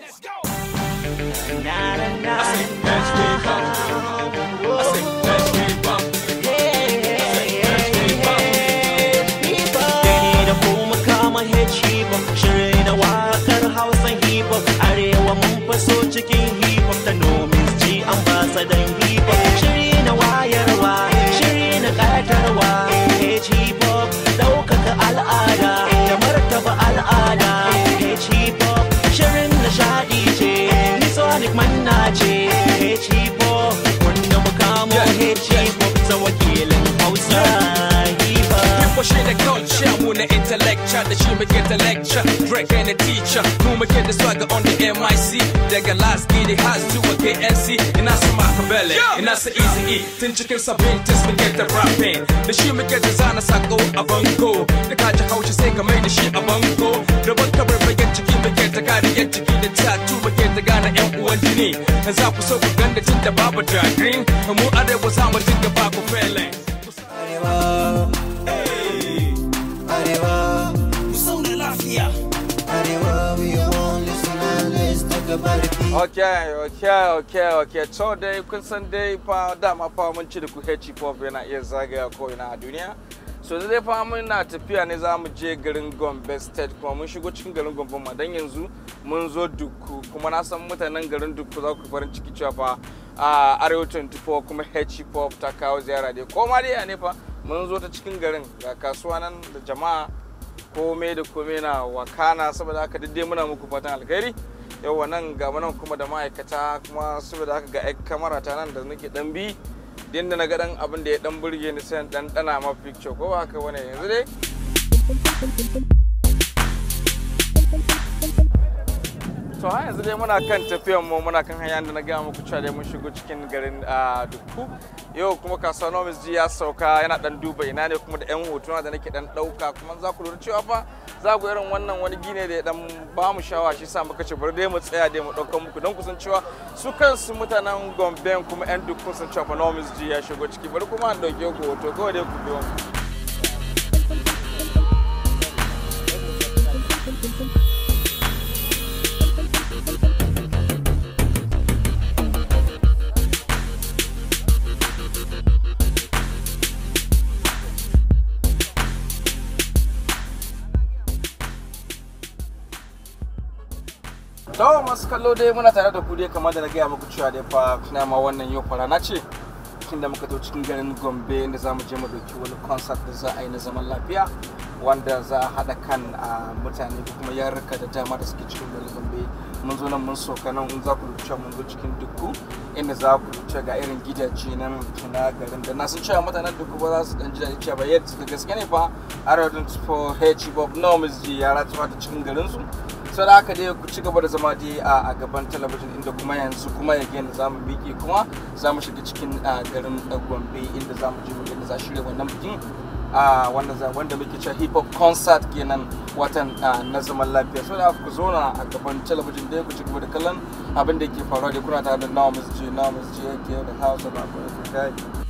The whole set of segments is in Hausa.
Let's go. Na, na, na, Me get the lecture, Drake and the teacher. Who me get the swagger on the MIC. They got last they has to a KNC. And saw my Machiavelli, and I an easy E. Then chicken sabin, just me get the rapping. The shoe me get designer sako a bungo. The kaja how you say, come in the shit a bungo. The one cover I get chicken, me get the guy to get chicken, the tattoo me get the guy to end one jini. And I was so we gun the tinta baba dragging. And I other was i much think about ok ok ok ok to dai kun san dai fa dama fa mun ci da ku hip hop yana iya zagaya ko ina a duniya so dai fa na tafiya ne za mu je garin gombe state kuma mun shigo cikin garin gombe ma dan yanzu mun zo duku kuma na san mutanen garin duku za ku farin ciki cewa fa a arewa 24 kuma hip hop ta kawo ziyara dai ko ma dai ne fa mun zo ta cikin garin ga kasuwa nan da jama'a komai da komai na wakana saboda haka dai muna muku fatan alkhairi yawa nan ga nan kuma da ma'aikata kuma saboda haka ga kamara ta nan da nake dan bi din da na ga dan abin da ya dan burge ni sai dan dana ma picture ko ba haka bane yanzu dai to ha yanzu dai muna kan tafiyan mu muna kan hanyar da na gaya muku cewa dai mun shigo cikin garin Dukku yau kuma kasuwar Nomis ji ya sauka yana dan duba ina ne kuma da yan hotuna da nake dan dauka kuma za ku lura cewa fa za ku irin wannan wani gine da ya dan ba mu shawa shi sa muka ce bari dai mu tsaya dai mu dauka muku don kusan cewa su kansu mutanen Gombe kuma yan Dukku sun cewa Nomis ji ya shigo ciki bari kuma an dauke ku hoto kawai dai ku biyo mu to masu kallo dai muna tare da ku dai kamar da na gaya muku cewa dai fa kuna ma wannan yau kwara na ce kin da muka zo cikin garin gombe inda za mu je mu doki wani concert da za a yi na zaman lafiya wanda za a haɗa kan ah, mutane kuma yarurruka da dama da suke cikin garin gombe mun zo nan mun soka nan in za ku rubuce mun zo cikin dukku inda za ku rubuce ga irin gidaje nan na garin da na sun cewa mutanen dukku ba za su dan ji cewa ba yadda da gaske ne fa arodin for hechi bob norms ji yara cewa ta cikin garin su sau da haka dai ku ci gaba da zama dai a gaban talabijin inda kuma yanzu kuma ya gani za mu kuma za mu shiga cikin garin gombe inda za mu je inda za shirya wannan bikin wanda muke cewa hip hop concert kenan watan na zaman lafiya so da ku zauna a gaban talabijin da ku ci gaba da kallon abin da ke faruwa da kuna tare da nawa masu ce nawa masu ce yake da house ba africa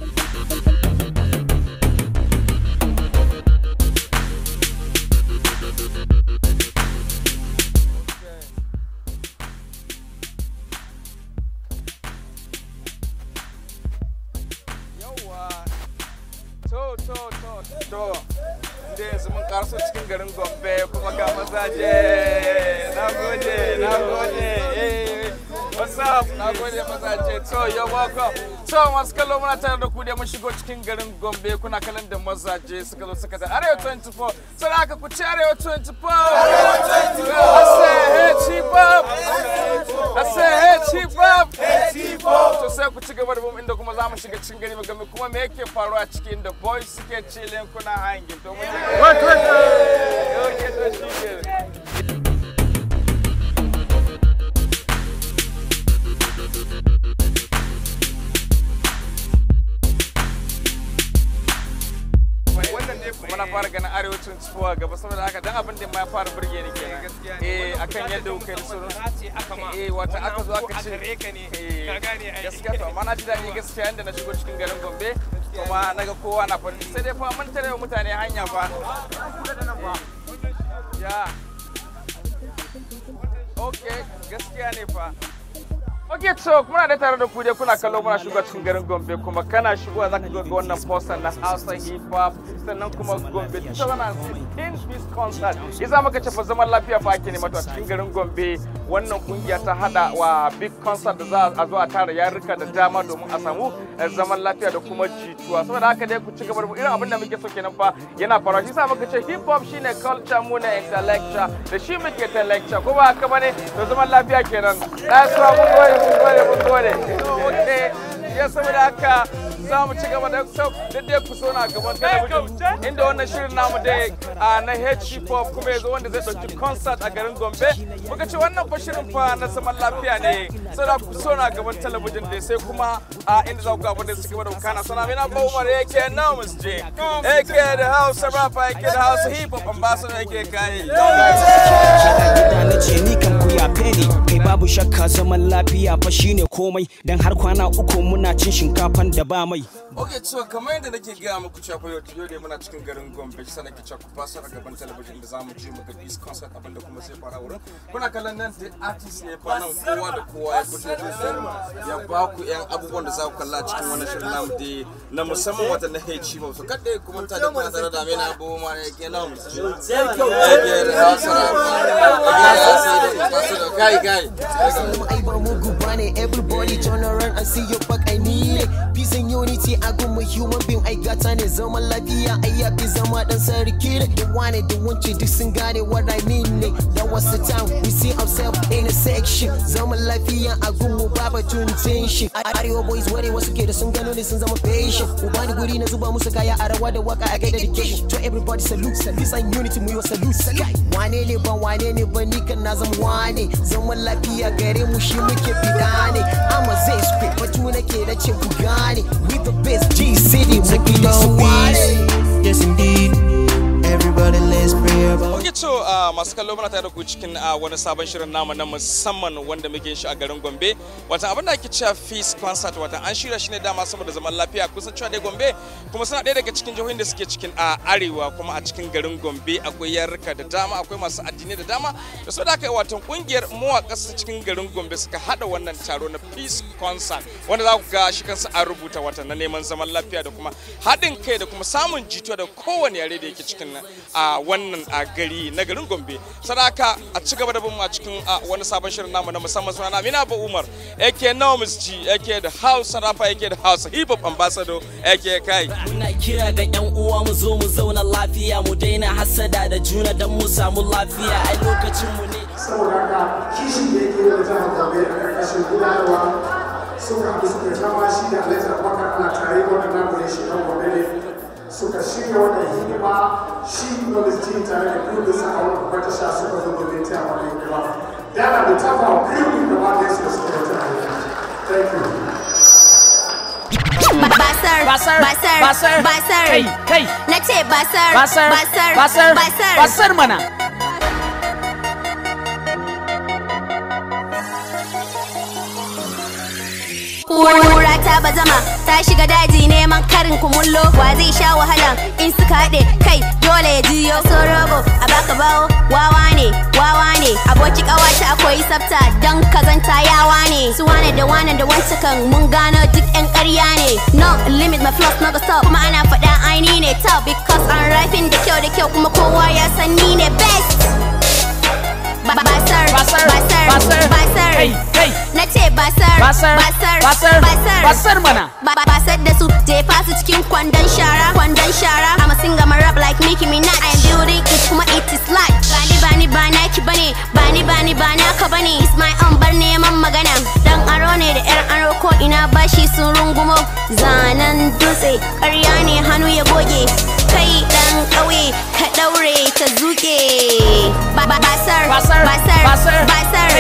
mazaje na gode what's up mazaje so you're welcome so masu kallo muna tare da ku mun shigo cikin garin gombe kuna kalan da mazaje suka zo suka da arewa 24 sai aka ku ci arewa 24 arewa 24 ase hey chief up ase to sai ku ci gaba da inda kuma mu shiga cikin gari gombe kuma me yake faruwa cikin da boys suke cilin kuna hangin to mun muna fara ganin arewacin tsuwa gaba saboda haka dan abin da ma ya fara burge ni kenan eh akan yadda kuka yi sunu eh wata aka zo aka ce ka gane ai gaskiya to amma na ji daɗi gaskiya yanda na shigo cikin garin Gombe kuma naga kowa na farin sai dai fa mun tare mutane hanya fa ya ok gaskiya ne fa ok so muna da tare da ku dai kuna kallo muna shiga cikin garin gombe kuma kana shigowa zaka ka ga wannan poster na hausa hip hop sannan kuma gombe 2016 peace concert isa maka cafa zaman lafiya fa ake nema to cikin garin gombe wannan kungiya ta hada wa big concert da za a zo a tara yarurruka da dama domin a samu eh, zaman lafiya da kuma jituwa saboda haka dai ku ci gaba da irin abin da muke so kenan fa yana faruwa shi sa muka ce hip hop shine culture mu na intellectual da shi muke ta lecture ko ba haka bane to zaman lafiya kenan da so mu gode mu gode mu gode ya saboda haka za mu ci gaba da da ku so na gaban talabijin eh? inda wannan shirin namu da ah, na hip hop kuma yanzu wanda zai dauki concert a garin gombe muka ce wannan fa shirin fa na zaman lafiya ne sai da ku so na gaban talabijin da sai kuma a ah, inda za ku ga abin suke da kana sana na ba umar yake na musje yake da hausa rapper yake da hausa hip hop ambassador yake kai kai babu shakka zaman lafiya fa shine komai dan har kwana uku muna cin shinkafan da ba mai mai. ok so kamar yadda nake gaya muku cewa yau yau ne muna cikin garin gombe shi nake cewa ku fasar a gaban talabijin da za mu je mu ga peace concert abin da kuma sai fara wurin kuna kallon nan da artist ne fa nan kowa da kowa ya fito ya ba ku yan abubuwan da za ku kalla cikin wannan shirin namu da na musamman wata na heci ba so kada ku manta da kuna tare da mena abu ma ne ke nan sai kyau ya ga da hasara ya kai kai ba mu gubane everybody turn around and see your back i need peace and unity a gumu human being ai gata ne zaman lafiya ai ya fi zama dan sarki ne da wane da wance duk sun gane what I mean ne da wasu the time we see ourselves in a section zaman lafiya a gumu baba tuntun shi arewa boys ware wasu ke da sun gano ne sun zama patient ubani guri na zuba musu kaya a rawa da waka a ga dedication to everybody salute salute and unity mu yi salute salute wane ne ba wane ne ba ni kan na zama wane zaman lafiya gare mu shi muke fida ne amma zai square batu nake da ce ku gane with the best G City, check it out. Yes, indeed. Oke to ah, masu kallo muna tare da ku cikin ah, wani sabon shirin namu na musamman wanda muke shi a garin Gombe. Wata abin da ake cewa Peace Concert wata an shirya shi ne dama saboda zaman lafiya kusan cewa dai Gombe kuma suna ɗaya daga cikin jihohin da suke cikin a ah, arewa kuma a cikin garin Gombe akwai yarka da dama akwai masu addinai da dama da saboda haka watan kungiyar mawaƙa su cikin garin Gombe suka hada wannan taro na Peace Concert wanda za ku ga shi kansa an rubuta wata na neman zaman lafiya da kuma haɗin kai da kuma samun jituwa da kowane yare da yake cikin a wannan a gari na garin Gombe sadaka a ci gaba da bin a cikin wani sabon shirin namu na musamman suna na ba Umar yake nawa misji yake da Hausa rafa yake da Hausa hip hop ambassador yake kai muna kira ga yan uwa mu zo mu zauna lafiya mu daina hasada da juna dan mu samu lafiya ai lokacin mu ne saboda haka kishin da yake da jihar Gombe a ƙarƙashin gudanarwa suka haɗu suka kama shi da Alhaji Abubakar ana tare waɗannan gurin shi ɗan Gombe ne suka shirya wannan hidima shi ji tare da kudin sa a wani babbar tasha suka zo domin taya wannan hidima yana da tafa kudin da ba da suka suka wata thank you basar basar basar basar kai kai nace basar basar basar basar basar mana Kura ta ba zama ta shiga daji neman karin kumullo wa zai sha wahala in suka haɗe kai dole ya jiyo so rogo a baka bawo wawa ne wawa ne aboki kawata akwai sabta dan kazanta yawa ne su wane da wane da wancan kan mun gano duk yan ƙarya ne no limit my floss no go stop kuma ana faɗa aini ne top because an rafin da kyau da kyau kuma kowa ya san ne best basar basar basar basar basar basar basar basar mana basar da su jefa su cikin kwandon shara kwandon shara I'm a singer my rap like Nicki Minaj I'm building it kuma it is life bani bani ba naki bane bani bani ba naka bane it's my own bar neman magana dan aro ne da yar aro ko ina bashi sun rungumo zanen dutse ƙarya ne hannu ya goge kai dan kauye ka daure ta zuke basar basar basar basar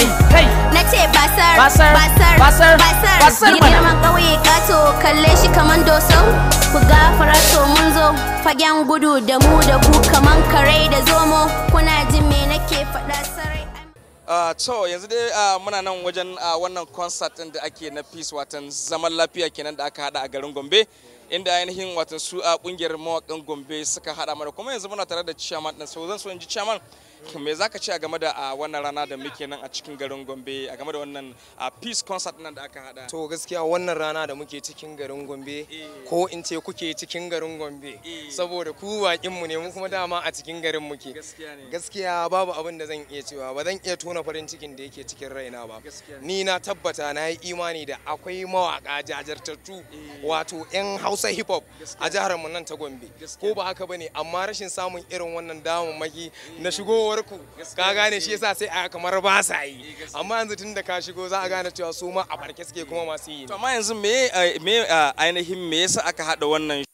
na ce basar basar basar basar girman kauye kato kalle shi kaman dosau ku gafara to mun zo fagen gudu da mu da ku kaman kare da zomo kuna jin me nake faɗa Uh, to yanzu dai uh, muna nan wajen uh, wannan concert da ake na peace watan zaman lafiya kenan da aka hada a garin gombe inda ainihin watan su a kungiyar mawakan gombe suka hada mana kuma yanzu muna tare da chairman din so zan so in ji chairman me za ka ce a game da wannan rana da muke nan a cikin garin gombe a game da wannan peace concert nan da aka hada to gaskiya wannan rana da muke cikin garin gombe eh. ko in ce kuke cikin garin gombe eh. saboda ku bakin mu ne mu kuma dama a cikin garin muke gaskiya babu abin da zan iya cewa ba zan iya tona farin cikin da yake cikin raina ba ni na tabbata na yi imani da akwai mawaka jajirtattu eh. wato yan hausa hip hop a jihar mu nan ta gombe ko ba haka bane amma rashin samun irin wannan damammaki na shigo ku ka gane shi yasa sai a kamar ba sa yi eh, amma yanzu tun da ka shigo za a gane cewa su ma a barke suke kuma masu yi amma yanzu me eh, me eh, ainihin me yasa aka hada wannan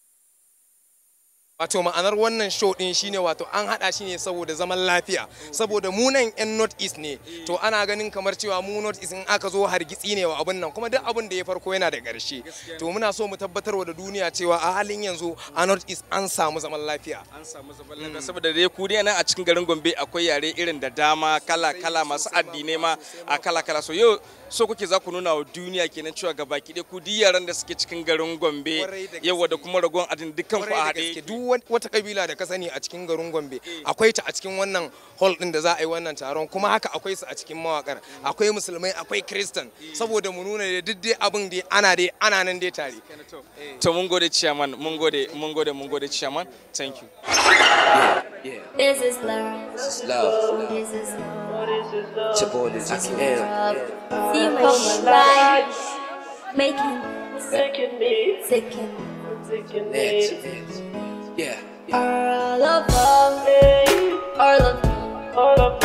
wato ma'anar wannan show din shine wato an hada shi ne saboda zaman lafiya saboda mu nan yan north east ne to ana ganin kamar cewa mu north east in aka zo hargitsi ne wa abun nan kuma duk abun da ya farko yana da ƙarshe to muna so mu tabbatar da duniya cewa a halin yanzu a north east an samu zaman lafiya an samu zaman lafiya saboda dai ku dai nan a cikin garin Gombe akwai yare irin da dama kala kala masu addini ma a kala kala so yau so kuke za ku nuna wa duniya kenan cewa gabaki dai ku duk yaran da suke cikin garin Gombe yawa da kuma ragon addini dukkan ku a haɗe wata kabila da ka sani a cikin garin Gombe akwai ta a cikin wannan hall din da za a yi wannan taron kuma haka akwai su a cikin mawakar akwai musulmai akwai kristan saboda mu nuna da duk abin dai ana dai ana nan dai tare to mun gode chairman mun gode mun gode mun gode chairman thank you This is love. This is love. This is love. Making. me. me. me. Yeah. yeah. All of me, all of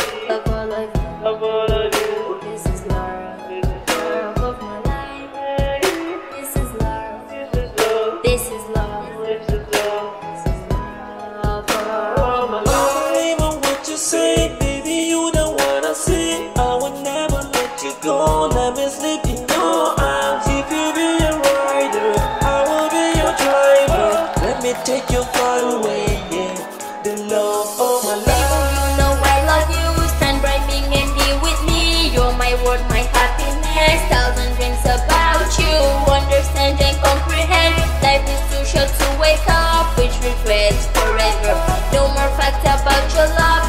your love.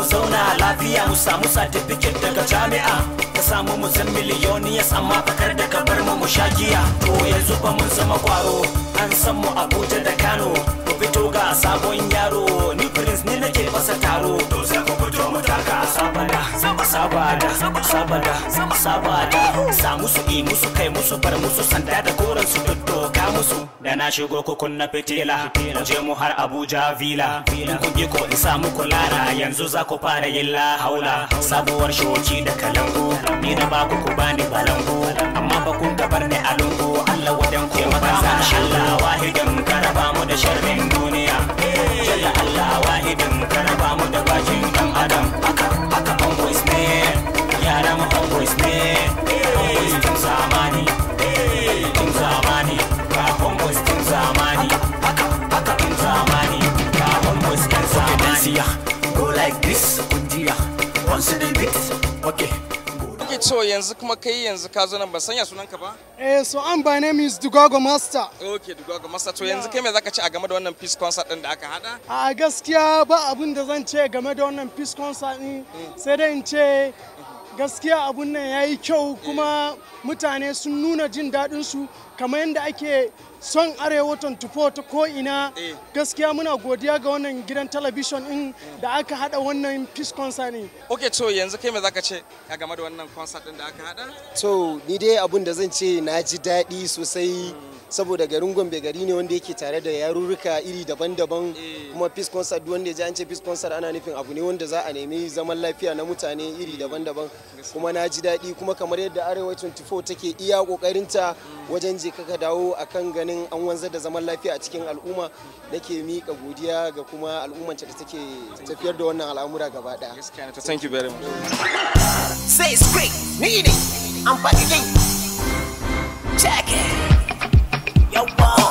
mu zauna lafiya mu samu satifiket daga jami'a ka samu mu zan ya amma fakar da ka bar mu mu sha giya to yanzu ba mun zama kwaro an san mu Abuja da Kano ku fito ga sabon yaro ni prince ni nake fasa taro to sai ku fito mu taka sabon sabada sabada sabada sa musu i musu kai musu bar musu sanda da koran su doddoka musu da na shigo ku kunna fitila je mu har Abuja vila in ku ko in sa muku lara yanzu za ku fara yin la haula sabuwar shoci da kalango ni na baku ku bani balango amma ba kun bar ne a lungu Allah wadan ku maka Allah wahidan karaba mu da sharrin duniya eh, jalla Allah wahidan karaba fake. Okay, so yanzu kuma kai yanzu ka zo nan ban sanya sunanka ba? Eh, so an by name is Dugago Master. Okay, Dugago Master. To yanzu kai me zaka ce a game da wannan peace concert din da aka hada? A gaskiya ba abin da zan ce game da wannan peace concert din mm. sai dai in ce gaskiya abun nan yayi kyau eh. kuma mutane sun nuna jin daɗin su kamar yadda ake son arewa 24 ta ko'ina eh. gaskiya muna godiya ga wannan gidan talabishin in da aka hada wannan peace concert ne. ok so yanzu kai me zaka ce ka game da wannan concert din da aka hada? so ni dai abun da zan ce na ji daɗi sosai hmm. saboda garin gombe gari ne wanda yake tare da yarurruka iri daban-daban eh. kuma peace concert wanda ya ji an ce peace concert ana nufin abu ne wanda za a nemi zaman lafiya na mutane iri daban-daban kuma na ji daɗi kuma kamar yadda arewa 24 take iya ƙoƙarinta mm. wajen je ka dawo akan ganin an wanzar da zaman lafiya a cikin al'umma nake miƙa godiya ga kuma al'umman da take tafiyar da wannan al'amura gaba daya thank you very much say it's great need it i'm back again check it yo wow.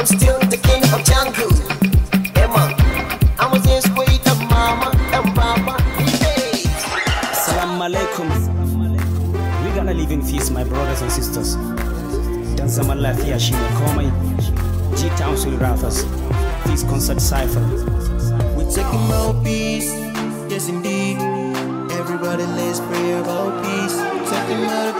I'm still the king of jungle. Emma, I am in sweet of mama and papa. Hey. Salam alaikum. We going to live in peace, my brothers and sisters. Dan zaman lafiya shi ne komai. G Town Soul Rathers. Peace Concert Cypher. We're taking about peace. Yes, indeed. Everybody, let's pray about peace. talking about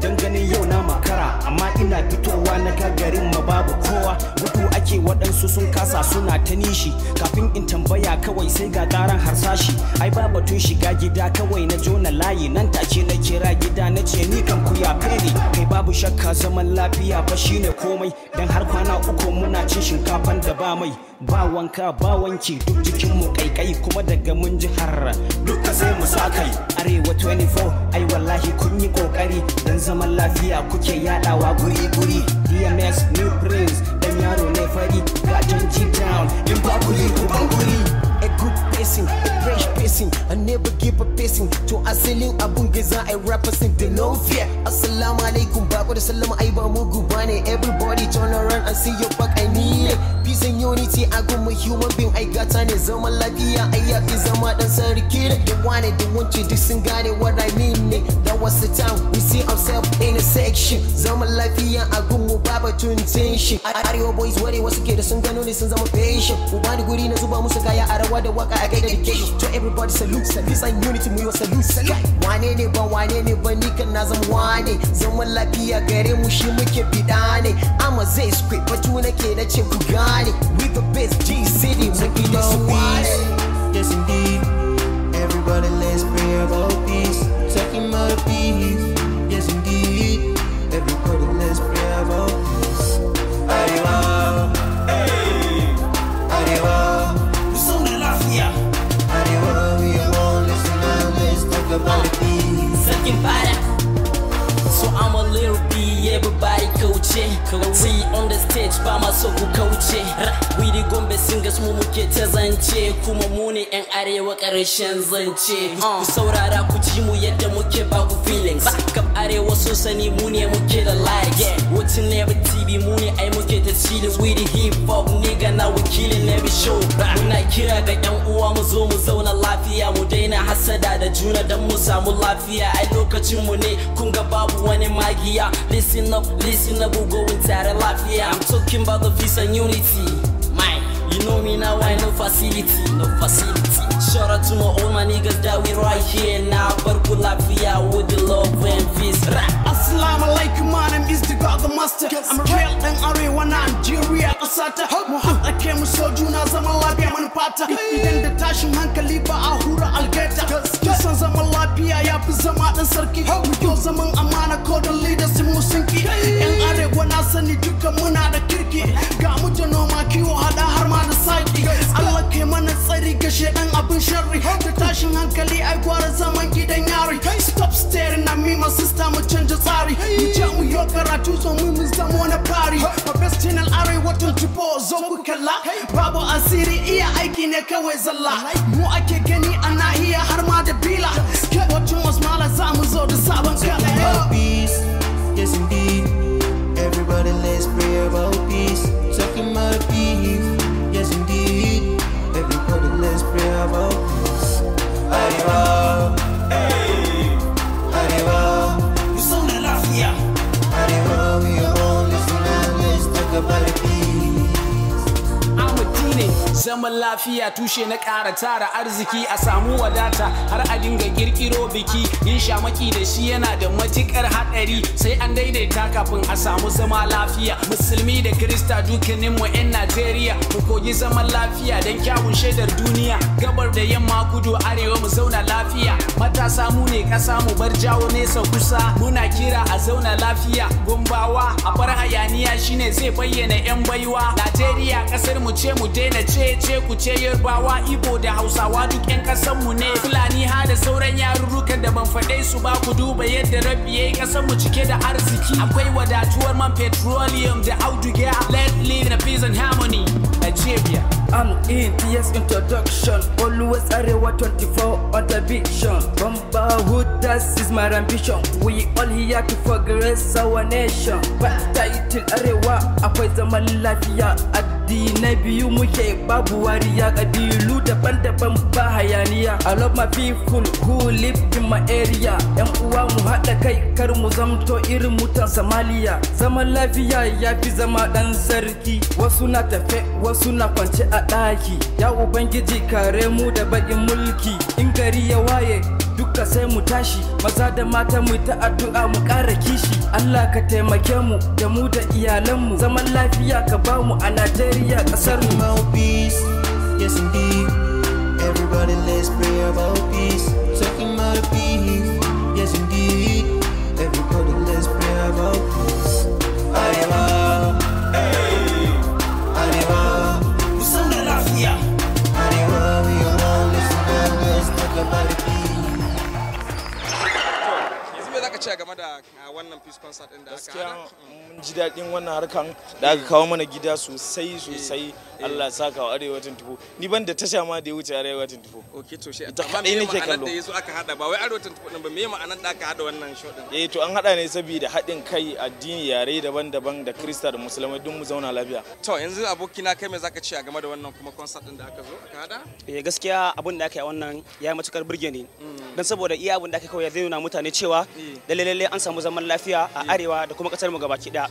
don ganin yau na makara amma ina fitowa na ka garin ma babu kowa gudu ake waɗansu sun kasa suna ta nishi kafin in tambaya kawai sai ga ƙaran harsashi ai ba batun shiga gida kawai na jona layi nan take na kira gida na ce ni kan ku fere kai babu shakka zaman lafiya ba shine komai dan har kwana uku muna cin shinkafan da ba mai ba wanka ba wanki duk jikinmu mu kaikai kuma daga mun ji harra duka sai mu sakai arewa 24 ai wallahi kun yi kokari dan zaman lafiya kuke yadawa guri guri DMS New Prince dan yaro ne fari gajan G-Town in ba yi ku guri a good pacing, a fresh pacing. I never give a pacing. To asalin abun giza I represent the no fear. Assalamu alaikum, ku da sallama ai ba mugu bane. Everybody turn around and see your back I need. Sun unity a gumu human being ai gata ne zaman lafiya ai ya fi zama dan sarki da duk wani duk wanci duk sun gane what I mean ne that was the time we see ourselves in a section zaman lafiya a gumu baba tun tension arewa boys ware wasu ke da sun gano ne sun zama patient uba ni guri na zuba musu kaya a rawa da waka a kai dedication to everybody salute salute san unity mu yi salute salute wane ne ba wane ne ba ni kan na zama wane zaman lafiya gare mu shi muke bida ne ama zai squid batu nake na ce ku gane We the best G City. Take we the squad. Yes, indeed. Everybody, let's pray about peace. Talking about peace. Yes, indeed. wuce sai on the stage ba maso so ku kauce gombe singers mu muke ta zance kuma mu ne yan arewa karshen zance ah. ku saurara ku mu yadda muke ba ku feelings kam arewa so sani mu ne muke da likes watching never tv mu ne ai muke ta chillin we the hip hop nigga na we killing every show muna kira ga yan uwa mu zo mu zauna lafiya mu daina hasada da juna dan mu samu lafiya ai lokacin mu ne kun ga babu wani magiya listen up listen up Go tight and lock. Yeah, I'm talking about the peace and unity. know me now, I know facility, no facility. Shout out to my old my niggas that we right here now. for lafiya with the love and peace. Assalamu alaikum, my name is the God the Master. I'm a real dan arewa real Nigeria I'm Mu haɗa kai I came juna zaman lafiya manufata. Idan da tashin hankali ba a hura algaita. Kisan zaman lafiya ya fi zama ɗan sarki. Mu kyau zaman amana ko da leaders mu sun ki. Yan arewa na sani duka muna da kirki. Uh-huh. Ga mu noma kiwo hada. fasaki Allah mana tsari ga dan abin sharri da tashin hankali ai gwara zaman gidan yari stop staring at me my sister mu canja tsari mu je mu yo karatu so mu mu zama na fari my best channel arewa 24 zo ku kalla babu asiri iya aiki ne kawai zalla mu ake gani ana iya har ma da bila ke was mala za mu zo da sabon kala yes indeed everybody let's pray about peace zaman lafiya tushe na ƙara tara arziki a samu wadata har a dinga kirkiro biki yin shamaki da shi yana da matukar haɗari sai an daidaita kafin a samu zama lafiya musulmi da kirista dukkanin mu 'yan najeriya mu kogi zaman lafiya don kyawun shaidar duniya gabar da yamma kudu arewa mu zauna lafiya matasa mu ne ƙasa mu bar jawo nesa kusa muna kira a zauna lafiya gumbawa a far hayaniya shine zai bayyana 'yan baiwa najeriya ƙasar mu ce mu daina ce bare ce ku ce yarbawa ibo da hausawa duk yan kasan mu ne fulani ha da sauran yarurrukan da ban faɗe su ba ku duba yadda rabbi yayi kasan mu cike da arziki akwai wadatuwar man petroleum da auduga let live in peace and harmony Nigeria I'm in TS introduction always arewa 24 on television Bamba hood this is my ambition we all here to progress our nation But title arewa akwai zaman lafiya a Adadi na biyu muke babu wariya ƙabilu daban-daban ba hayaniya. I love my people who live in my area. Yan uwa mu haɗa kai kar mu zamto irin mutan Somalia. Zaman lafiya ya fi zama ɗan sarki. Wasu na tafe, wasu na kwance a ɗaki. Ya Ubangiji kare mu da baƙin mulki. In gari ya waye haka sai mu tashi maza da mata mu ta addu'a mu ƙara kishi Allah ka taimake mu da mu da iyalanmu zaman lafiya ka ba mu a Najeriya ƙasar mu peace yes indeed everybody let's pray about peace talking about peace ce game da ah, wannan peace concert din da aka ji daɗin wannan harkan da aka kawo mana gida sosai eh, sosai eh. Allah ya saka wa arewa tufo ni ban da tasha ma da ya wuce arewa tufo okay to shi ta kaɗai nake kallo da yaso aka hada ba wai arewa 24 nan ba me ma'anar da aka hada wannan show din eh to an hada ne saboda haɗin kai addini yare daban-daban da krista da musulmai duk mu zauna lafiya to yanzu abokina kai me zaka ce a game da wannan kuma concert din da aka zo aka hada eh gaskiya abin da aka yi wannan ya yi matukar burge ni mm. dan saboda iya abin da aka kawo ya zai nuna mutane cewa eh. lalle lalle an samu zaman lafiya a arewa da kuma kasar mu ki daya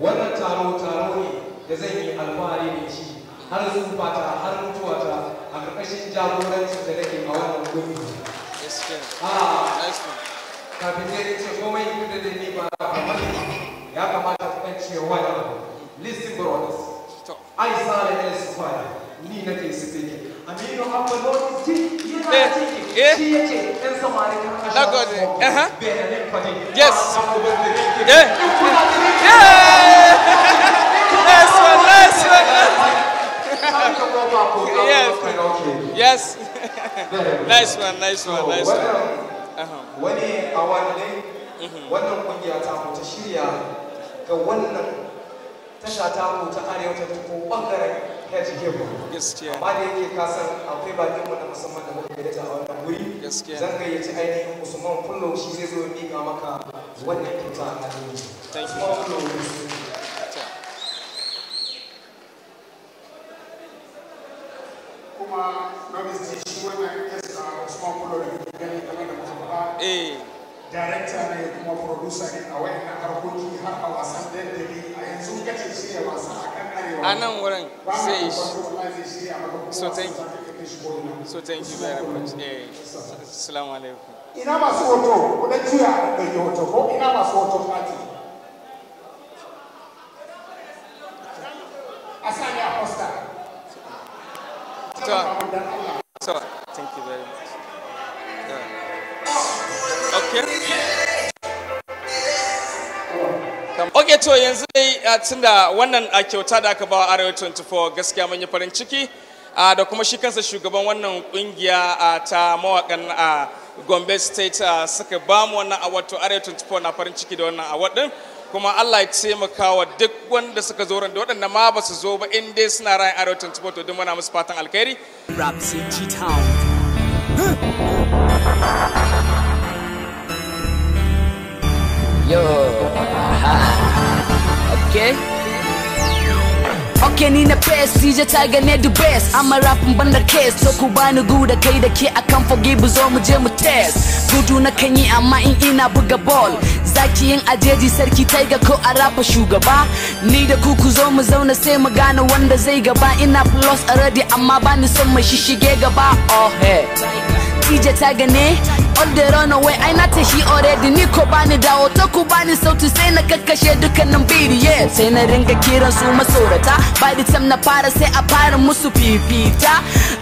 wannan taro taro ne da zai yi alfahari da shi har zufata har mutuwata a ƙarƙashin jagoranci da nake a wannan gumi ah, kafin ne ce komai da da ni ba kamar ya kamata ku ɗan ce wani abu listen brothers ai sale ne su fara ni na ke su tsaye aminu abba lord ji yana ciki eh, eh. shi ya ce ɗan samari kan kashe su bai da ne fadi yes ah, yes. Yes. nice one, nice one, nice one. Uh-huh. Wani a wannan mm-hmm. wannan kungiya ta mu ta shirya ga wannan tasha ta mu ta arewa ta tuko bangaren HK mu. Gaskiya. Amma da yake kasan akwai bakin mu na musamman da muka a wannan wuri. Gaskiya. Zan gayyaci ainihin Usman kullum shi zai zo ya mika maka wannan kyauta a Thank you. kuma gwamnati shi wannan kesa usman kulo da gani da darekta eh. ne kuma ne a wayannan harkoki har a wasan dandali a yanzu kace shi ya wasa a kan arewa a nan wurin sai shi so thank you so thank you very much assalamu eh. alaikum ina masu hoto ku juya da hoto ko ina masu hoto fati a sanya poster So, so thank you very much. Yeah. Okay. Okay, to yanzu dai uh, tunda wannan a uh, kyauta da aka ba bawa Arewa 24 gaskiya mun yi farin ciki uh, da kuma shi kansa shugaban wannan kungiya ta mawakan a Gombe State suka bamu wannan award to Arewa 24 na farin ciki da wannan award din. kuma Allah ya taimaka wa duk wanda suka zo da waɗanda ma ba su zo ba in dai suna rayan arewacin Tibo to duk muna musu fatan alkhairi Okay ni na best DJ Tiger ne the best I'm a rapping banda case so ku bani gu da kai da ke akan forgive zo mu je mu test gudu na kanyi amma in ina buga ball zaki yin ajeji sarki taiga ko arafa shugaba ni da ku ku zo mu zauna sai mu gane wanda zai gaba ina plus already amma bani son mai shishige gaba oh hey DJ ta gane. on the run away not ta shi already ni ko bani dawo ta ku bani sauti sai na kakkashe dukkanin biri sai na ringa kiran su masorata by the time na fara sai a fara musu fifita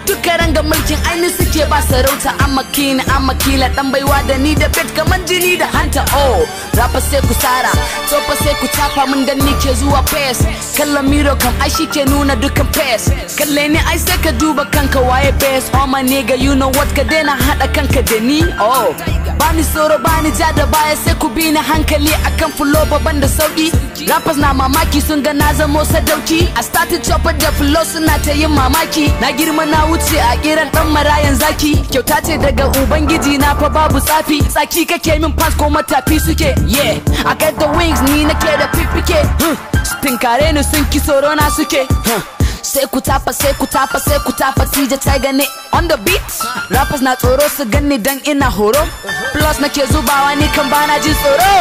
duka ranga mulkin aini suke ba sarauta amma kina amma kila dan baiwa da ni da bet kaman jini da hanta oh rapa sai ku sara to fa sai ku tafa min dan ni ke zuwa face kallon miro kan ai ke nuna dukan face kalle ni ai sai ka duba kanka waye best oh my nigga you know what ka daina hada kanka da ni oh bani tsoro bani ja da baya sai ku bi ni hankali akan flow baban da sauki rappers na mamaki sun ga na zamo sadauki A started chopper da flow suna ta yin mamaki na girma na wuce a kiran dan marayan zaki kyauta ce daga ubangiji na fa babu tsafi tsaki kake min pass ko matafi suke yeah i got the wings ni nake da fifike huh. tinkare ni sun ki tsoro na suke huh. sai ku tafa sai ku tafa sai ku tafa tiger ne on the beat rappers na tsoro su ganni dan ina horo plus nake zubawa ni kan bana jin tsoro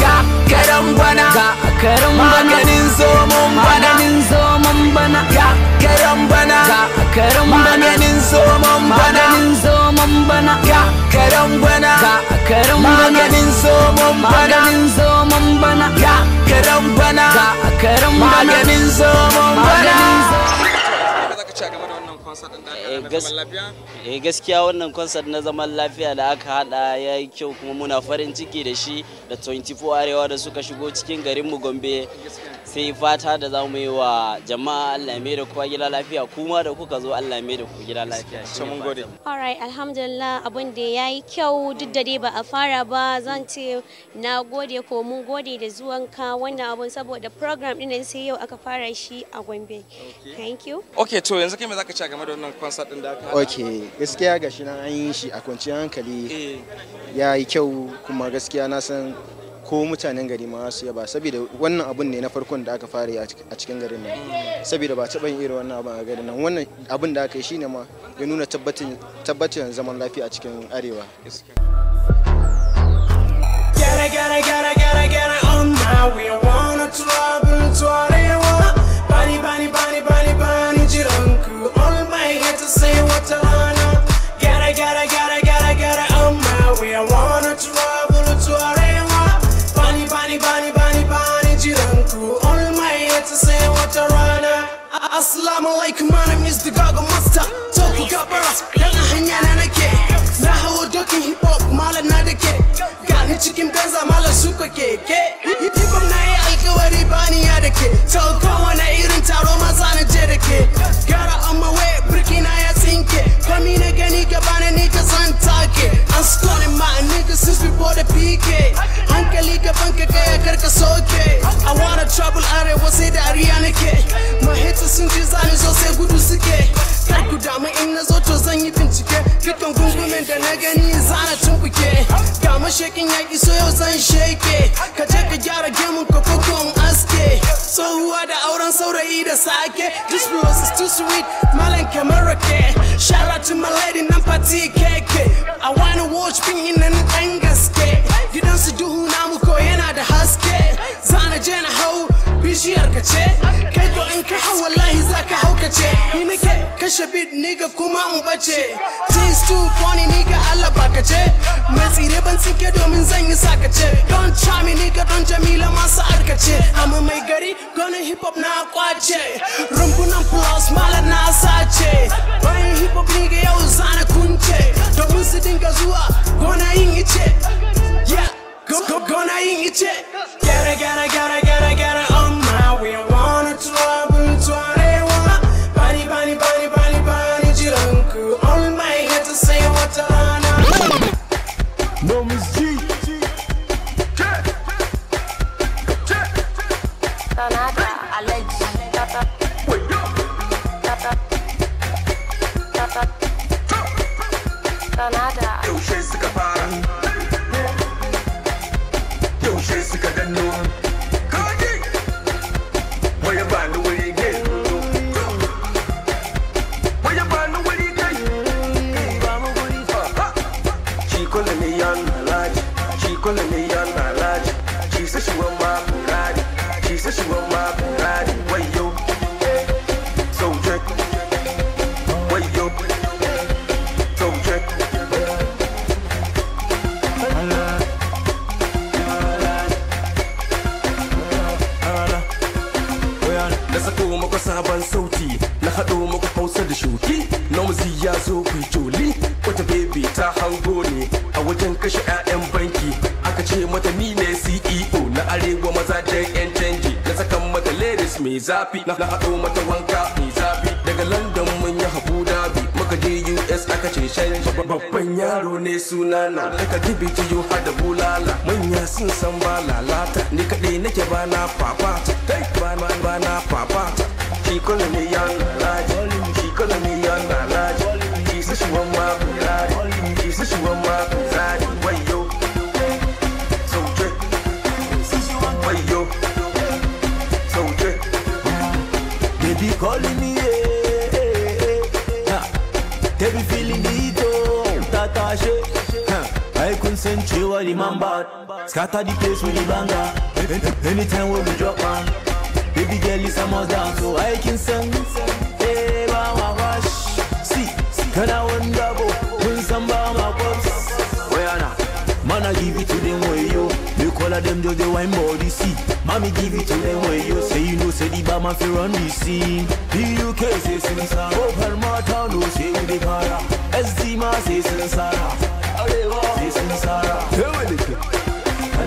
ga karan bana ga karan bana maganin zomon bana zo mun bana ga karan bana ga karan bana maganin zomon bana zo mun bana ga karan bana ga karan bana maganin zomon bana maganin zomon bana ya karan bana ga karan bana maganin zomo bana concert eh, na zaman lafiya? Eh, gaskiya wannan concert na zaman lafiya da aka hada ya yi kyau kuma muna farin ciki da shi da 24 arewa da suka shigo cikin garin mu Gombe. Sai fata da za mu yi wa jama'a Allah mai da kuwa gida lafiya kuma da kuka zo Allah mai da ku gida lafiya. shi mun gode. Alright alhamdulillah abun da ya yi kyau duk da dai ba a fara ba zan ce na gode ko mun gode da zuwanka wannan abun saboda program din sai yau aka fara shi a Gombe. Thank you. Okay to yanzu kai me zaka ci a game da wannan concert din da aka ok gaskiya ga shi na an yi shi a kwanciyar hankali eh. ya yi kyau kuma gaskiya na san ko mutanen gari ma su yaba saboda wannan abun ne na farkon da aka fara a cikin garin nan mm. saboda ba taɓa yin irin wannan abun a garin nan wannan abun da aka yi shine ma ya nuna tabbacin zaman lafiya a cikin arewa Gotta, gotta, gotta, gotta, gotta on now. We don't wanna trouble, trouble. bani bani bani bani bani jiranku to see what I learn. Uh. Gotta, gotta, gotta, gotta, gotta on my way. I wanna travel to a Arewa. Bunny, bunny, bunny, bunny, bunny, Jiran crew. All my head to see what I run. Uh. Assalamu alaikum, my name is the Gogo Master. Toku Kapara, Nana Hanyana Nake. Naha Wodoki hip hop, Mala Nadake. Gani chicken penza, Mala Suka Cake. Hip hop Naya Alkawari Bani Yadake. Tell Kawana Irin Taro Mazana Jedake. Scorning my niggas since before the PK. Uncle Liga Banka Kaya Karka Soke. I wanna trouble Ari, what's it Ariana K. My hits are since design is also good to see. Karku Dama in the Zoto Zangi Pinchike. Kitan Gungumen da na gani zana tumbuke. Gama shaking yaki so zan shake. Ka je ka gyara gemun ka ko kuma aske. Tsohuwa da auren sake. This rose is too sweet. Malan kamar Shout out to my lady Nampa I wanna ɓochpin nan ɗan gaske gidansu I'm koya yana da haske zana je na hau bishiyar ka ce kai to in ka hau wallahi za ka haukace ni nake kashe bit nigga kuma in bace things too funny nigga Allah ce mai tsire ban tsinke domin zan yi sakace don try me nigga don Jamila masu arkace amma mai gari gonna hip hop na kwace rumbunan plus malar na sace bayan hip hop yau zana kunce domin su dinga zuwa gona yin ice yeah go, go, yin ice papa. Bad man, bad man, papa. She calling me young lad. She calling me young lad. She says she want my blood. She says she want my blood. Why yo? So trick. Why yo? So trick. Baby calling me. Eh, Nah. Eh, eh, eh. They be feeling it, oh, tata shit. Huh. I couldn't send you all the man bad. Scatter the place with the banger. Anytime when we drop on, baby girl is a must down so I can sing. Hey, mama, wash. See, can I wonder when some bama pops? Where now? Man, I give it to them way yo. You call them do the wine body see. Mommy give it to them way yo. Say you know say the bama man fi run the scene. The UK say sinsara. Open my town no say with the para. SD man say sinsara. Say sinsara. Hey,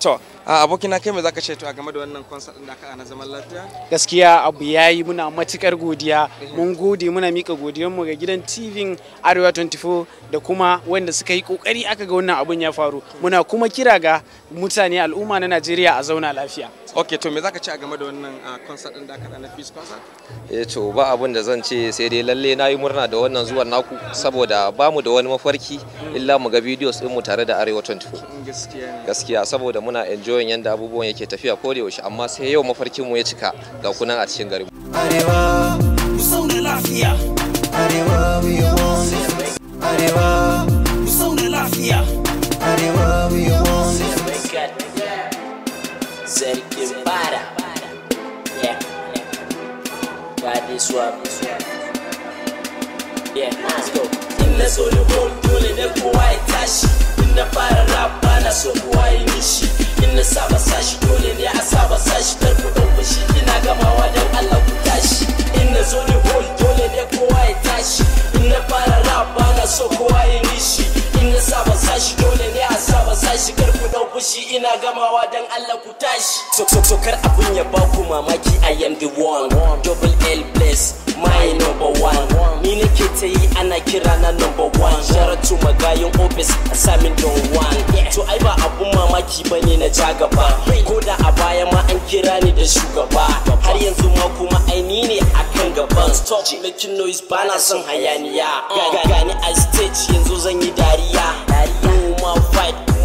to abokina kai me zaka ce to a game da wannan concert din da aka ana zaman lafiya gaskiya abu yayi muna matukar godiya eh. mun gode muna mika godiyar mu ga gidan TV Arewa 24 da kuma wanda suka yi kokari aka ga wannan abun ya faru muna kuma kira ga mutane al'umma na Najeriya a zauna lafiya ok to me zaka ci a game da wannan ah, concert din da aka na peace concert eh to ba abin da zan ce sai dai lalle na yi murna da wannan zuwan naku saboda ba mu da wani mafarki illa mu ga videos din mu tare da arewa 24 mm, gaskiya gaskiya saboda muna enjoying yanda abubuwan yake tafiya ko da yaushe amma sai yau mafarkin mu ya cika ga kunan a cikin garin arewa ku sauna lafiya arewa we want arewa ku sauna lafiya arewa we want Yeah, let's go. Ina so ni bomb the ne kowa ya rap bana so kowa ya nishi. in na saba sashi dole ne a saba sashi kar ku dauki shi ina gamawa don Allah ku tashi in na zo ni hol dole ne kowa ya tashi in na fara rap bana so kowa ya nishi in na saba sashi dole ne a saba sashi kar ku dauki shi ina gamawa don Allah ku tashi so so kar abun ya ba ku mamaki I am the one double L bless my number one ni nake ta yi ana kira na number one sharatu magayin office a samin don one to ai ba abun mamaki ba ne na ja gaba ko da a baya ma an kira ni da shugaba har yanzu ma kuma ni ne akan gaban stop making noise bana son hayaniya uh. gani a stage yanzu zan yi dariya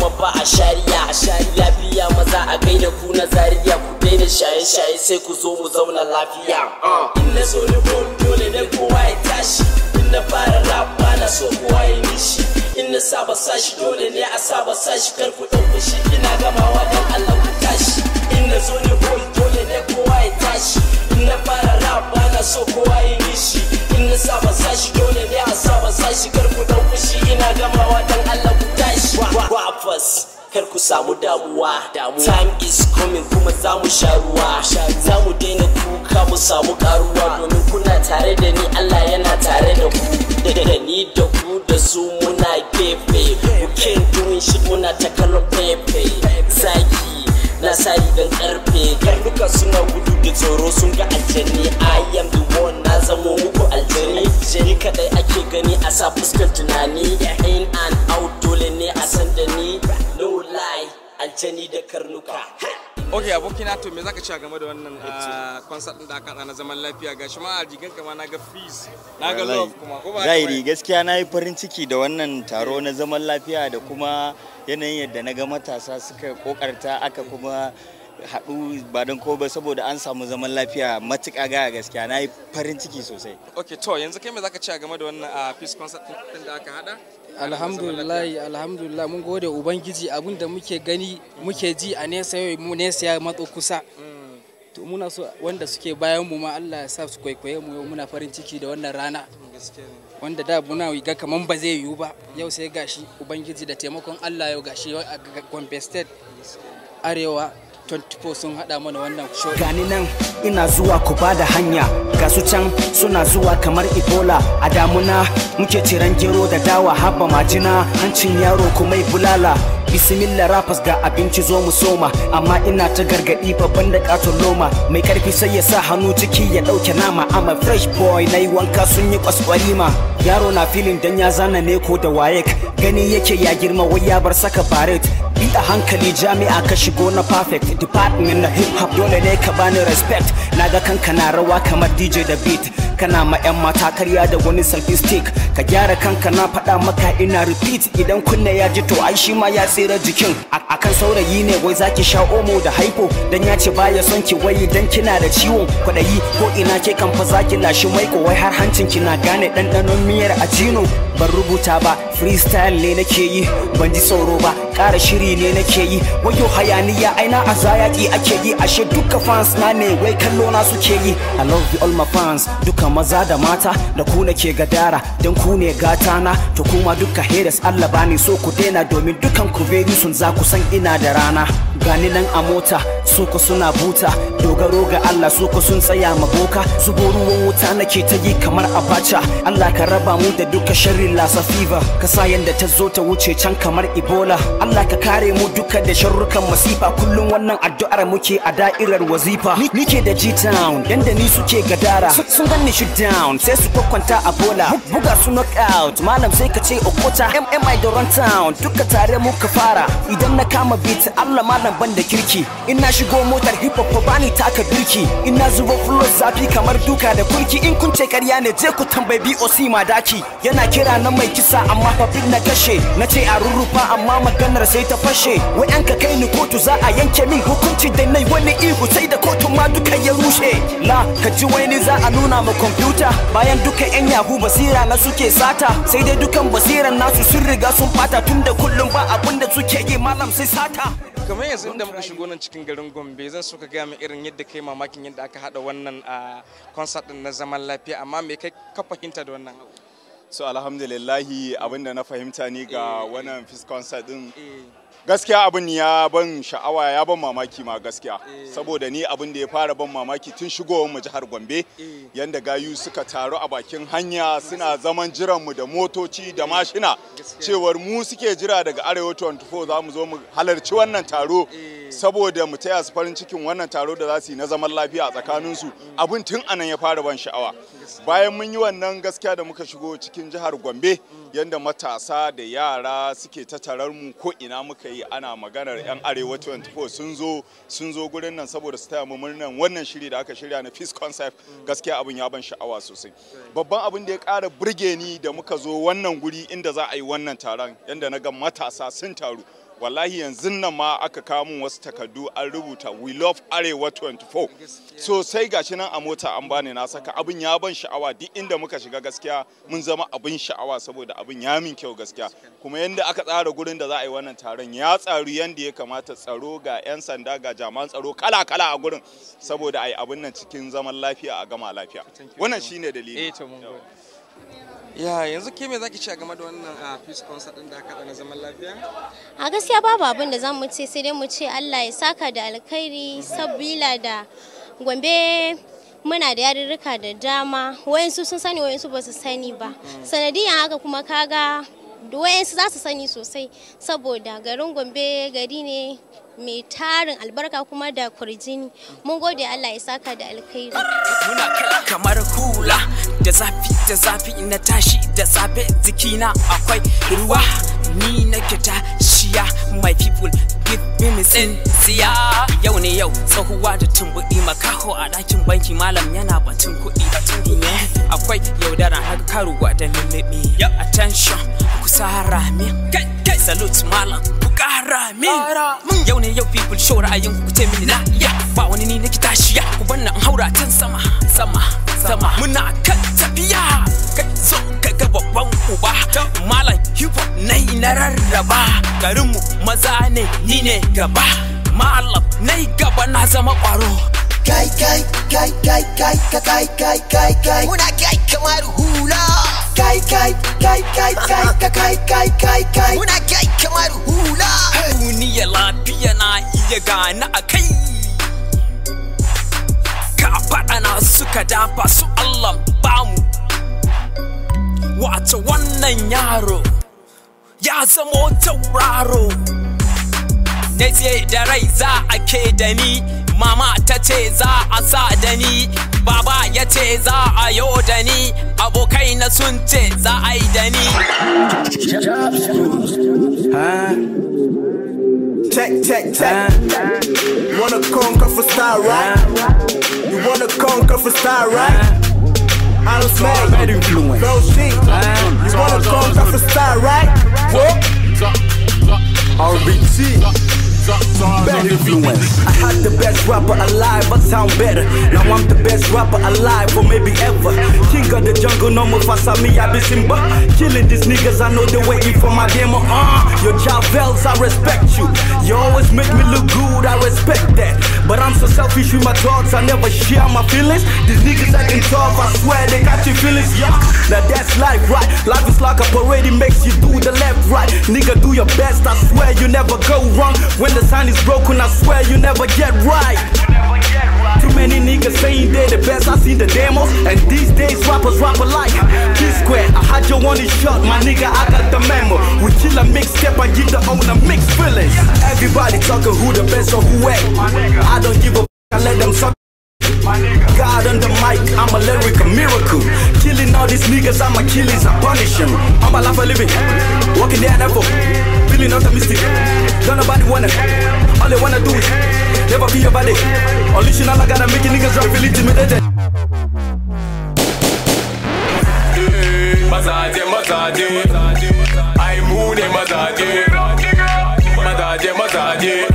kuma ba a shariya lafiya maza a da ku na zariya ku daina shaye-shaye sai ku zo mu zauna lafiya uh. in na so ni bom dole ne kowa ya tashi in na fara rap ba na so kowa ya nishi in na saba sashi dole ne a saba sashi kar ku ɗauki shi ina gamawa dan Allah ku tashi in na so ni bom dole ne kowa ya tashi in na fara rap ba na so kowa ya nishi in ba za shi dole ne a saba sashi kar ku dau fushi ina gamawa dan Allah ku tashi wafas kar ku samu damuwa time is coming kuma za mu sha ruwa za mu daina kuka mu samu karuwa domin kuna tare da ni Allah yana tare da ku da ni da ku da su muna gefe we can doing shit muna ta kallon pepe zaki na sa rigan karfe karnuka suna gudu da tsoro sun ga aljani i am the one na zamo muku aljani jini kadai ake gani a sa fuskar tunani in and out dole ne a san da ni no lie aljani da karnuka ok abokina to me zaka ci game da wannan ah, concert din da aka na zaman lafiya gashi ma a jikin kama na ga fees na ga love kuma ko ba zairi gaskiya na yi farin ciki da wannan taro na zaman lafiya da kuma yanayin yadda na ga matasa suka kokarta aka kuma haɗu ba don ko ba saboda an samu zaman lafiya matuƙa ga gaskiya na yi farin ciki sosai. Ok, to yanzu kai me zaka ci game da wannan a ah, peace concert din da aka hada? alhamdulillah alhamdulillah mun gode ubangiji abin da muke gani muke ji a nesa yau mu nesa ya matso kusa to muna so wanda suke bayan mu ma Allah ya sa su kwaikwaye mu yau muna farin ciki da wannan rana wanda da muna ga kaman ba zai yiwu ba yau sai gashi ubangiji da taimakon Allah yau gashi a Gombe State arewa 24 sun haɗa mana wannan show. Gani nan ina zuwa ku ba da hanya ga su can suna zuwa kamar Ebola a damuna muke ciran gero da dawa haba majina hancin yaro kuma bulala. bismillah rappers ga abinci zo mu soma amma ina ta gargadi babban da katon loma mai karfi sai ya sa hannu ciki ya dauke nama amma fresh boy nayi wanka sun yi kwaskwari ma yaro na filin dan ya zana ne ko da wayek gani yake ya girma wai ya bar saka faret bi a hankali jami'a ka shigo na perfect department na hip hop dole ne ka bani respect naga kanka na rawa kamar DJ da beat kana ma yan mata karya da wani selfie ka gyara kanka na faɗa maka ina repeat idan kunne ya ji to ai shi ma ya tsaye tsira jikin a kan saurayi ne wai zaki sha omo da haifo dan ya ce baya son ki wai dan kina da ciwon kwaɗayi ko ina ke kan fa zaki lashi maiko wai har hancin kina gane ɗanɗanon miyar a jino ban rubuta ba freestyle ne nake yi ban ji tsoro ba ƙara shiri ne nake yi wai yo hayaniya aina a zayaki ake yi ashe duka fans na ne wai kallo na suke yi i love you all my fans duka maza da mata da ku nake gadara dan ku ne gata na to kuma duka haters Allah bani so ku daina domin dukan ku sun za ku san ina da rana gani nan a mota suka suna buta dogaro ga Allah suka sun tsaya maboka zubo ruwan wuta nake ta yi kamar abacha Allah ka raba mu da duka sharrin lasa fever ka sa yanda ta zo ta wuce can kamar ebola Allah ka kare mu duka da sharrukan masifa kullum wannan addu'ar muke a da'irar wazifa nike da G-Town yanda ni suke gadara sun ganni shut down sai su kwakwanta a bola buga su knockout malam sai ka ce okota MMI da Town duka tare muka fa fara idan na kama beat Allah malam ban da kirki in na shigo motar hip hop bani taka birki ina zuba flow zafi kamar duka da kurki in kun ce karya ne je ku tambayi BOC ma daki yana kira na mai kisa amma fa na kashe na ce a rurrufa amma maganar sai ta fashe wai an ka kai ni kotu za a yanke min hukunci da nai wani ihu sai da kotun ma duka ya rushe la ka ji wani za a nuna ma kwamfuta bayan duka yan yahu basira na suke sata sai dai dukan basiran nasu sun riga sun fata tun da kullum ba abun da da suke yi malam sai sata kamar yanzu inda muka shigo nan cikin garin gombe zan so ka gaya min irin yadda kai mamakin yadda aka hada wannan a concert din na zaman lafiya amma me kai ka fahimta da wannan so alhamdulillahi abinda na fahimta ni ga eh. wannan fis concert din eh. gaskiya abin ya ban sha'awa ya ban mamaki ma gaskiya eh. saboda ni abin da ya fara ban mamaki tun shigowar mu jihar Gombe eh. yanda gayu suka taru a bakin hanya suna zaman jiran mu da motoci da eh, mashina cewar mu suke jira daga Arewa 24 za mu zo mu halarci wannan taro saboda mu taya su farin cikin wannan taro da za su yi na zaman lafiya a tsakanin su mm. abin tun anan ya fara ban sha'awa bayan mun yi wannan gaskiya da muka shigo cikin jihar Gombe mm. yadda matasa da yara suke tattarar mu ko ina muka yi ana maganar 'yan arewa 24 sun zo sun zo gurin nan saboda su taya mu murnan wannan shiri da aka shirya na peace concept gaskiya abin ya ban sha'awa sosai babban abin da ya kara burge ni da muka zo wannan guri inda za a yi wannan taron yadda na ga matasa sun taru wallahi yanzu nan ma aka kawo wasu takardu an rubuta we love arewa 24 so sai gashi nan a mota an bani na saka abin ya ban sha'awa duk inda muka shiga gaskiya mun zama abin sha'awa saboda abin ya min kyau gaskiya kuma yanda aka tsara gurin da za a yi wannan taron ya tsaru yanda ya kamata tsaro ga 'yan sanda ga jaman tsaro kala kala a gurin saboda a yi abin nan cikin zaman lafiya a gama lafiya wannan shine dalili eh ya yanzu ke me zaki a game da wannan a ah, peace concert din da aka na zaman lafiya a gaskiya babu abin da zamu ce sai dai mu ce Allah ya saka da alkhairi sabila da gombe muna da yarurruka da dama wayansu sun sani wayansu ba su sani ba mm. sanadiyan haka kuma kaga wayansu za su sani sosai saboda garin gombe gari ne mai tarin albarka kuma da kurjini mun gode allah ya saka da alkhairi muna kala kamar hula da zafi da zafi na tashi da safe jikina akwai ruwa ni nake shiya my people give me sin siya yau ne yau tsohuwa da tumbuɗi makaho a ɗakin banki malam yana batun kuɗi batun eh. akwai yaudara har karuwa da lulluɓi yau attention kusa rami kai kai salute malam ku ƙara min mm. yau ne yau people show ra'ayin ku ce mini na ya ba wani ni nake tashi ya ku banna an haura can sama sama sama muna kan tafiya kai zo ka ga babban uba malam hip hop na rarraba garinmu maza ne ni ni ne gaba malam. na gaba na zama kwaro. kai kai kai kai kai kai kai kai kai muna kai kamar hula kai kai kai kai kai kai kai kai kai muna kai kamar hula ya lafiya na iya gana a kai ka na suka dafa su allah bamu wato wannan yaro ya zama tauraro na ce da mama ta ce baba ya ce abokai na sun ce za a yi Check, check, check. Wanna conquer for style, right? You wanna conquer for style, right? I don't smell bad influence. Bro, shit. You wanna conquer for style, right? What? RBT. Bad influence. I had the best rapper alive, I sound better. Now I'm the best rapper alive, or maybe ever. King of the jungle, no more faster me, I be Simba. Killing these niggas, I know they're waiting for my demo. Uh, your Javels, I respect you. You always make me look good, I respect that. But I'm so selfish with my thoughts, I never share my feelings. These niggas can talk, I swear they got your feelings, yeah. Now that's life, right? Life is like a parade, it makes you do the left, right. Nigga, do your best, I swear you never go wrong. When the sign is broken, I swear you never get right. Too many niggas saying they are the best, I seen the demos And these days rappers rap alike T square I had your one shot, my nigga, I got the memo We kill a mixtape, I give the owner mixed feelings Everybody talking who the best or who ain't I don't give I let them suck God on the mic, I'm a lyrical miracle. Killing all these niggas, I'm a killer, I punish them. I'm a life I living, walking down and ever, feeling optimistic. Don't nobody wanna, all they wanna do is never be a body. Unleashing all I gotta make niggas drop, feel intimidated. mazadi, mazadi, I'm moody, mazadi, mazadi, mazadi.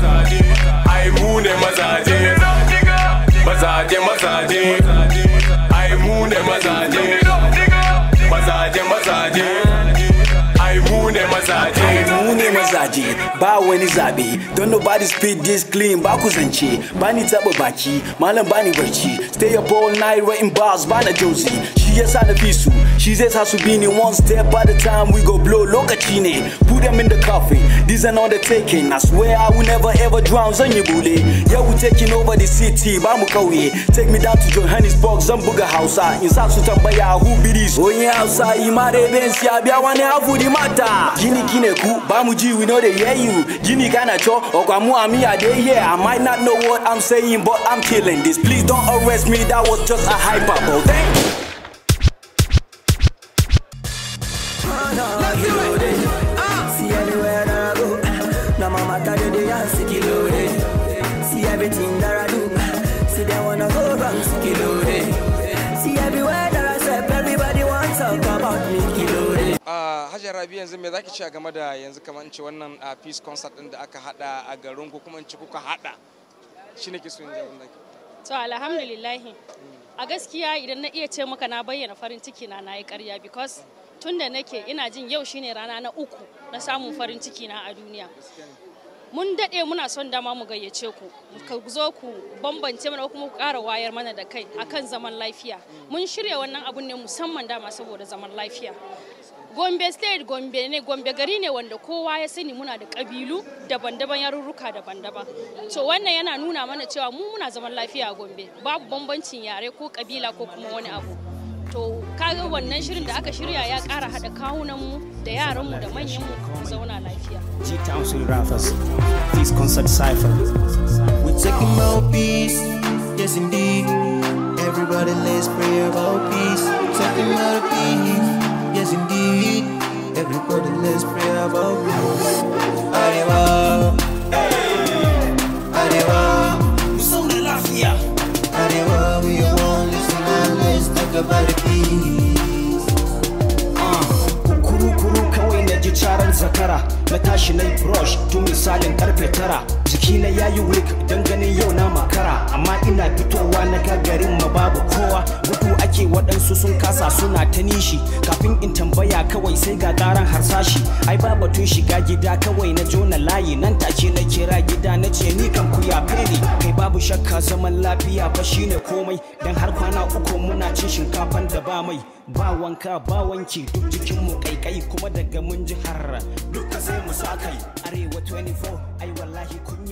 waje ba wani zabe don nobody speed this clean ba ku zance ba ni taba baki malam ba ni barci stay up all night writing bars ba na jozi She is an abisu. She says in One step by the time we go blow locatine. Put them in the coffee. This an undertaking. I swear I will never ever drown Zanyabule. Yeah, we taking over the city. Bamukawi. Take me down to Johannesburg, Zambuga Hausa. Ah, in Sasutambaya, who be this? Oh, yeah, outside. Imare Bensia, Biawane Avudi Mata. Gini Kineku, Bamuji, we know they hear you. Gini Kanacho, Okwamu Ami, I they hear. I might not know what I'm saying, but I'm killing this. Please don't arrest me. That was just a hyperbole. Thank you. Hajiya Rabi yanzu me zaki a game da yanzu kamar ci wannan a ah, peace concert din da aka hada a garin ku kuma in kuka hada shine ke so yanzu zaki. To alhamdulillah. A gaskiya idan na iya ce maka na bayyana farin ciki na yi karya because tunda da nake ina jin yau shine rana na uku na samun farin ciki na a duniya mun daɗe muna son dama mu gayyace ku ku zo ku bambance mana kuma ku ƙara wayar mana da kai akan zaman lafiya mun shirya wannan abun ne musamman dama saboda zaman lafiya gombe state gombe ne gombe gari ne wanda kowa ya sani muna da kabilu daban-daban yarurruka daban-daban to wannan yana nuna mana cewa mu muna zaman lafiya a gombe babu bambancin yare ko kabila ko kuma wani abu to kaga wannan shirin da aka shirya ya kara da da mu zauna lafiya G-Town Swing Rappers Peace Concert Cypher We're taking about peace Yes indeed Everybody let's pray about peace We're taking about peace Yes indeed Everybody let's pray about peace Arriba gabar ah, kuru-kuru kawai na ji carar zakara na tashi na brush tun misalin karfe tara jikina ya yi wulik don ganin yau na makara amma ina fitowa na ka garin ma babu kowa bugu ake waɗansu sun kasa suna ta nishi kafin in tambaya kawai sai ga ƙaran harsashi ai ba batun shiga gida kawai na jona layi nan take na kira gida na ce ni kan ku ya fere kai babu shakka zaman lafiya ba shine komai dan har kwana uku muna cin shinkafan da ba mai ba wanka ba wanki duk jikinmu kaikai kuma daga mun ji harra duka sai mu sa arewa 24 ai wallahi kun